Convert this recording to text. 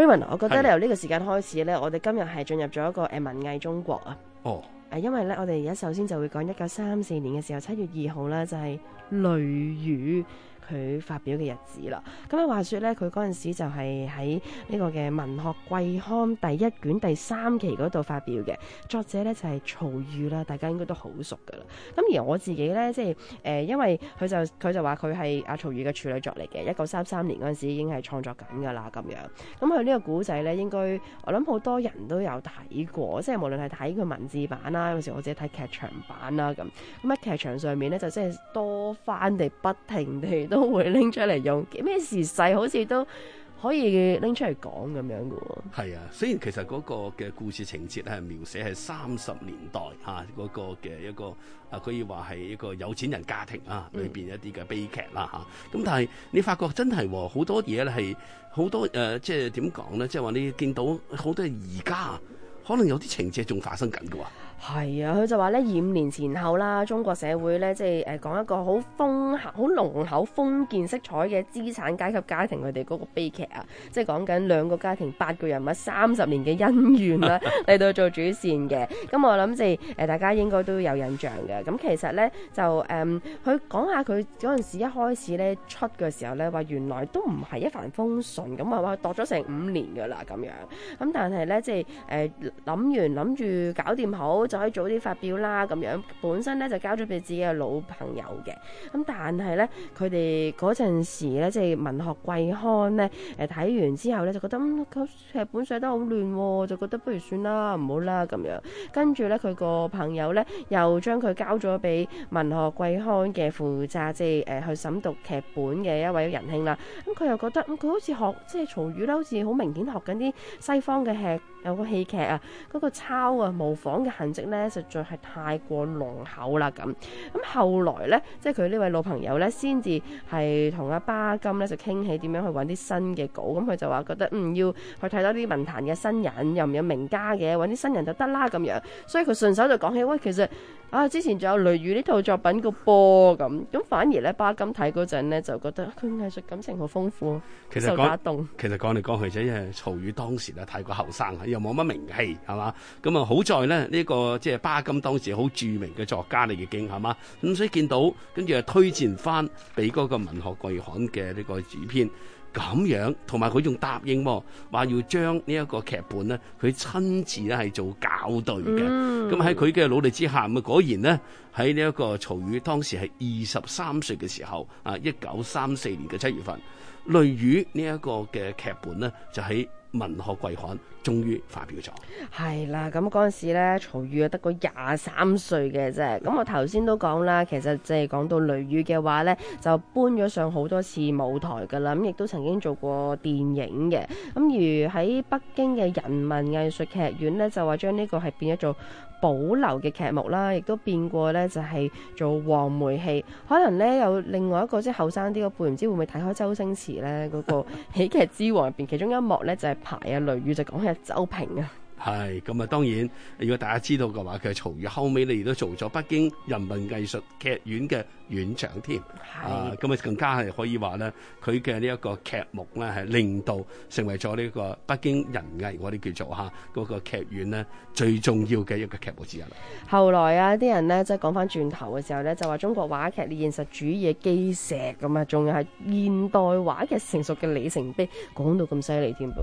Raymond, 我覺得咧由呢個時間開始咧，是我哋今日係進入咗一個誒文藝中國啊。哦，誒因為咧我哋而家首先就會講一九三四年嘅時候，七月二號咧，就係雷雨。佢發表嘅日子啦，咁啊話說咧，佢嗰陣時就係喺呢個嘅文學季刊第一卷第三期嗰度發表嘅，作者咧就係、是、曹禺啦，大家應該都好熟噶啦。咁而我自己咧，即係誒、呃，因為佢就佢就話佢係阿曹禺嘅處女作嚟嘅，一九三三年嗰陣時已經係創作緊噶啦咁樣。咁佢呢個古仔咧，應該我諗好多人都有睇過，即係無論係睇佢文字版啦，有時我自己睇劇場版啦咁。咁喺劇場上面咧，就即、是、係多番地不停地都。都會拎出嚟用，咩時勢好似都可以拎出嚟講咁樣噶。係啊，雖然其實嗰個嘅故事情節係描寫係三十年代吓，嗰個嘅一個啊可以話係一個有錢人家庭啊裏邊一啲嘅悲劇啦吓。咁、嗯、但係你發覺真係好多嘢咧係好多誒、呃，即係點講咧？即係話你見到好多而家可能有啲情節仲發生緊噶。係啊，佢就話咧二五年前後啦，中國社會咧即係誒講一個好封好濃厚封建色彩嘅資產階級家庭，佢哋嗰個悲劇啊，即係講緊兩個家庭八個人物三十年嘅恩怨啦、啊，嚟到做主線嘅。咁 我諗住誒大家應該都有印象嘅。咁其實咧就誒佢講下佢嗰陣時一開始咧出嘅時候咧話原來都唔係一帆風順咁啊，話度咗成五年噶啦咁樣。咁但係咧即係誒諗完諗住搞掂好。就可以早啲發表啦咁樣，本身咧就交咗俾自己嘅老朋友嘅，咁但係咧佢哋嗰陣時咧即係文學季刊咧誒睇完之後咧就覺得咁、嗯、劇本寫得好亂，哦，就覺得不如算啦唔好啦咁樣，跟住咧佢個朋友咧又將佢交咗俾文學季刊嘅負責即係誒去審讀劇本嘅一位仁兄啦，咁、嗯、佢又覺得佢、嗯、好似學即係曹禺啦，好似好明顯學緊啲西方嘅劇有個戲劇啊嗰、嗰個抄啊模仿嘅痕跡。呢實在係太過濃厚啦，咁咁後來呢，即係佢呢位老朋友呢，先至係同阿巴金呢，就傾起點樣去揾啲新嘅稿，咁佢就話覺得唔、嗯、要去睇多啲文壇嘅新人，又唔有名家嘅，揾啲新人就得啦咁樣，所以佢順手就講起喂，其實啊之前仲有雷雨呢套作品個波咁，咁反而呢，巴金睇嗰陣呢，就覺得佢藝術感情好豐富，其實受打動。其實講嚟講去，就因為曹禺當時呢太過後生，又冇乜名氣，係嘛，咁啊好在呢呢、這個。即係巴金當時好著名嘅作家嚟嘅，梗係嘛？咁所以見到跟住啊，推薦翻俾嗰個文學季刊嘅呢個主編，咁樣同埋佢仲答應，哦，話要將呢一個劇本呢，佢親自咧係做校對嘅。咁喺佢嘅努力之下，啊果然呢，喺呢一個曹禺當時係二十三歲嘅時候，啊一九三四年嘅七月份，《雷雨》呢一個嘅劇本呢，就喺文學季刊終於發表咗，係啦。咁嗰陣時咧，曹禺得個廿三歲嘅啫。咁我頭先都講啦，其實即係講到雷雨嘅話呢，就搬咗上好多次舞台噶啦。咁亦都曾經做過電影嘅。咁而喺北京嘅人民藝術劇院呢，就話將呢個係變咗做保留嘅劇目啦。亦都變過呢就係做黃梅戲。可能呢，有另外一個即係後生啲嘅輩，唔知會唔會睇開周星馳呢嗰、那個喜劇之王入邊其中一幕呢，就係、是。排啊！雷雨就講起周平啊。係，咁啊當然，如果大家知道嘅話，佢係曹禺後尾你亦都做咗北京人民藝術劇院嘅院長添，的啊，咁啊更加係可以話咧，佢嘅呢一個劇目咧係令到成為咗呢個北京人藝我哋叫做嚇嗰，啊嗰個劇院咧最重要嘅一個劇目之一。後來啊，啲人咧即係講翻轉頭嘅時候咧，就話中國話劇嘅現實主義嘅基石，咁啊仲要係現代話劇成熟嘅里程碑，講到咁犀利添噃。